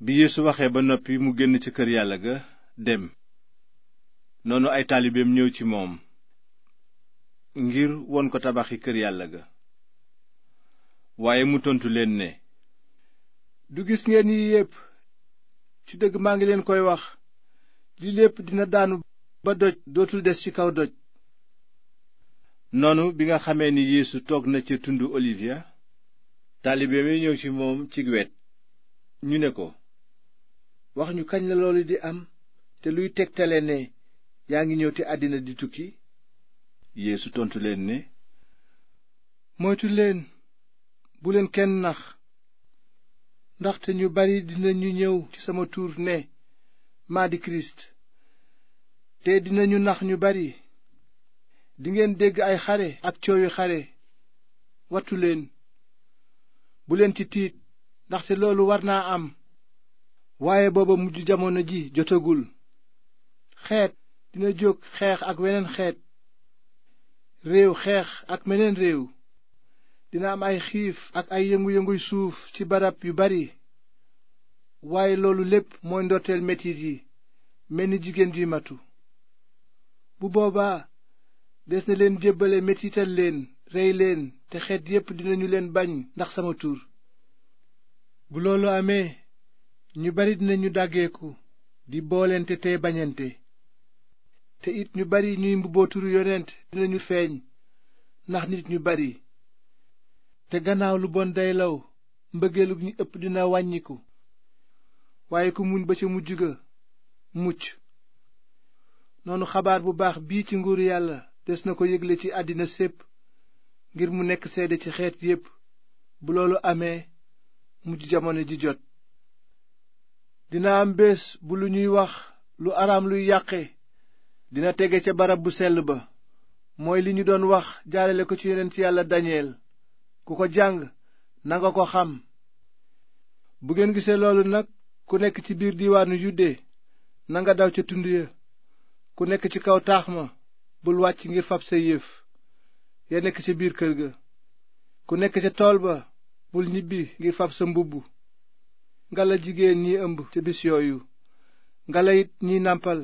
bi yeesu waxee ba noppi mu génn ca kër yàlla ga dem noonu ay taalibeem ñëw ci moom ngir won ko tabaxi kër yàlla ga waaye mu tontu leen ne du gis ngeen yi yépp ci dëgg maa ngi leen koy wax lii lépp dina daanu ba doj dootul des ci kaw doj noonu bi nga xamee ni yeesu toog na ca tundu olivier taalibeem yi ñëw ci moom ci wet ñu ne ko wax ñu kañ la loolu di am te luy tegtale ne yaa ngi ñëw te àddina di tukki yéesu tontu leen ne moytu leen bu kenn nax ndaxte ñu bari ñu ñëw ci sama tuur ne maa di kirist te dinañu nax ñu bari dingeen dégg ay xare ak cooyu xare wattu leen bu leen ci tiit ndaxte loolu war naa am waaye booba mujj jamono ji jotagul xeet dina jóg xeex ak weneen xeet réew xeex ak meneen réew dina am ay xiif ak ay yëngu-yënguy suuf ci barab yu bari waaye loolu lépp mooy ndorteel metit yi mel ni jigéen juy matu bu boobaa des na leen jébbale metital leen rey leen te xeet yépp dinañu leen bañ ndax sama tur bu loolu amee ñu bari ñu dàggeeku di boolente te bañante te it ñu bari ñuy mbubboo turu yonent dinañu feeñ ndax nit ñu bari te gannaaw lu bon day law mbëggeelu ñi ëpp dina wàññiku waaye ku muñ ba ca mujj ga mucc noonu xabaar bu baax bii ci nguuru yàlla des na ko yëgle ci àddina sépp ngir mu nekk seede ci xeet yépp bu loolu amee mujj jamono ji jot dina am bés bu lu ñuy wax lu araam luy yàqe dina tege ca barab bu sell ba mooy li ñu doon wax jaarale ko ci ci yàlla Daniel ku ko jàng nanga ko xam bu ngeen gisee loolu nag ku nekk ci biir diiwaanu Yude nanga daw ca tund ya ku nekk ci kaw taax ma bul wàcc ngir fab sa yëf ya nekk ca biir kër ga ku nekk ca tool ba bul ñibbi ngir fab sa mbubb ngala jigéen ñi ëmb ca bis yooyu ngala it ñi nàmpal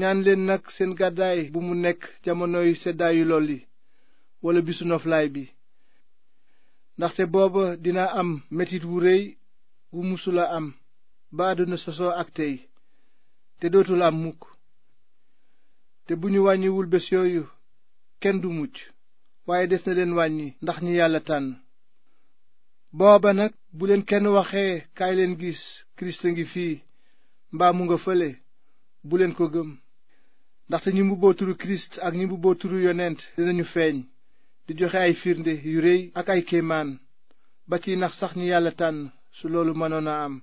ñaan leen nag seen gàddaay bu mu nekk jamonoy seddaayu lool yi walla bisu noflaay bi ndaxte booba dina am metit wu rëy wu musula am ba àdduna sosoo ak tey te dootul am mukk te bu ñu wàññiwul bés yooyu kenn du mucc waaye des na leen wàññi ndax ñi yàlla tànn booba nag bu leen kenn waxee kaay leen gis kirist a ngi fii mbaa mu nga fële bu leen ko gëm ndaxte ñi mbubboo turu kirist ak ñi mbubboo turu yonent dinañu feeñ di joxe ay firnde yu rëy ak ay kéemaan ba ci nax sax ñi yàlla tànn su loolu mënoon a am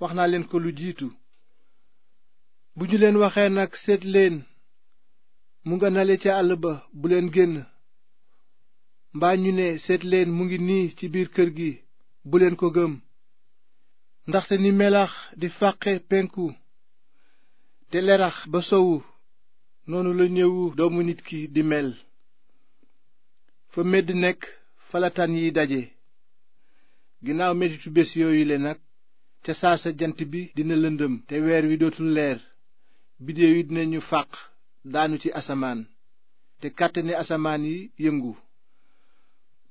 wax naa leen ko lu jiitu bu ñu leen waxee nag seet leen mu nga nale ca àll ba bu leen génn mbaa ñu ne seet leen mu ngi nii ci biir kër gi bu leen ko gëm ndaxte ni melax di fàqe penku te lerax ba sowu noonu la ñëwu doomu nit ki di mel fa medd nekk falatan yi daje ginnaaw mettitu bés yooyule nag ca saasa jant bi dina lëndëm te weer wi dootul leer biddew yi dinañu fàq daanu ci asamaan te kàttani asamaan yi yëngu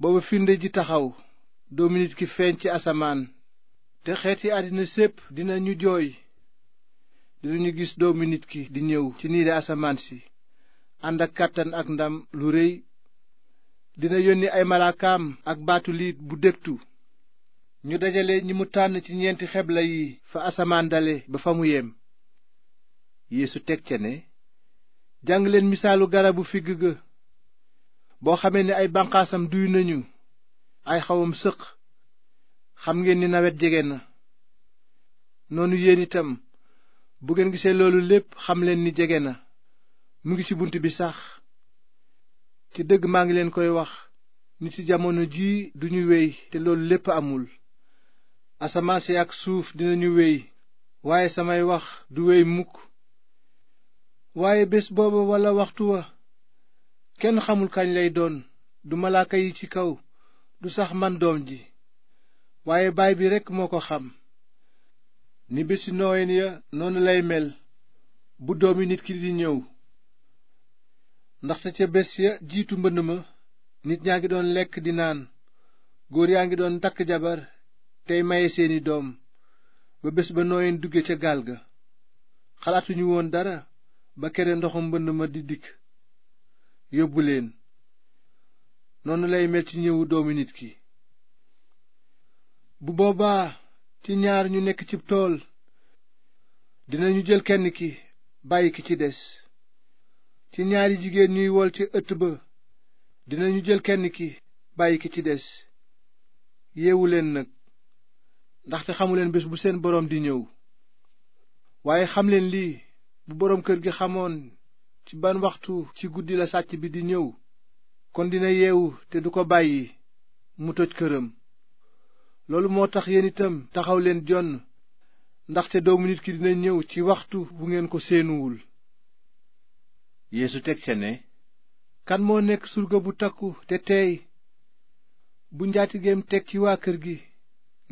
booba firnde ji taxaw doomu nit ki feeñ ci asamaan te xeeti àddina sépp dina ñu jooy dinañu gis doomu nit ki di ñëw ci niire asamaan si ànd ak kàttan ak ndam lu rëy dina yónni ay malaakaam ak baatu liit bu dégtu ñu dajale ñi mu tànn ci ñeenti xebla yi fa asamaan dale ba fa mu yem yéesu teg ca ne jàng leen misaalu garabu figg ga boo xamee ne ay bànqaasam duy nañu ay xawam sëq xam ngeen ni nawet jege na noonu yéen itam bu ngeen gisee loolu lépp xam leen ni jege na mu ngi ci bunt bi sax ci dëgg maa ngi leen koy wax ni ci jamono jii duñu wéy te loolu lépp amul asamaan si ak suuf dinañu wéy waaye samay wax du wéy mukk waaye bés booba walla waxtu wa kenn xamul kañ lay doon du malaaka yi ci kaw du sax man doom ji waaye baay bi rekk moo ko xam ni bési nooyen ya noonu lay mel bu doomi nit ki di ñëw ndaxte ca bés ya jiitu mbënn ma nit ñaa ngi doon lekk di naan góor yaa ngi doon takk jabar tey maye seeni doom ba bés ba nooyen dugge ca gaal ga xalaatuñu woon dara ba kere ndoxum mbënn ma di dikk yóbbu leen noonu lay metti ñëwu doomu nit ki bu boobaa ci ñaar ñu nekk cib tool dinañu jël kenn ki bàyyi ki ci des ci ñaari jigéen ñuy wol ci ëtt ba dinañu jël kenn ki bàyyi ki ci des yeewu leen nag ndaxte leen bés bu seen boroom di ñëw waaye xam leen lii bu boroom kër gi xamoon ci ban waxtu ci guddi la sàcc bi di ñëw kon dina yeewu te du ko bàyyi mu toj këram loolu moo tax yéen itam taxaw leen jonn ndaxte doomu nit ki dina ñëw ci waxtu bu ngeen ko séenuwul yéesu teg ca ne kan moo nekk surga bu takku te teey bu njaatigeem teg ci waa kër gi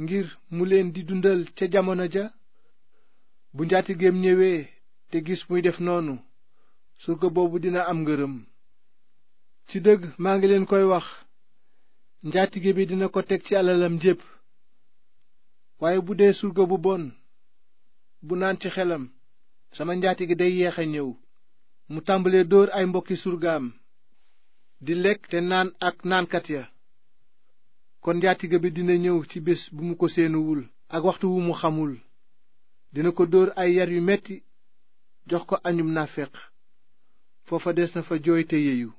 ngir mu leen di dundal ca jamono ja bu njaatigeem ñëwee te gis muy def noonu surga boobu dina am ngërëm ci dëgg maa ngi leen koy wax njaatige bi dina ko teg ci alalam jépp waaye bu dee surga bu bon bu naan ci xelam sama njaatige day yeex a ñëw mu tàmbalee dóor ay mbokki surgaam di lekk te naan ak naankat ya kon njaatige bi dina ñëw ci bés bu mu ko seenuwul ak waxtu wu mu xamul dina ko dóor ay yar yu metti jox ko añum nafeq foofa des na fa jooy te yeyu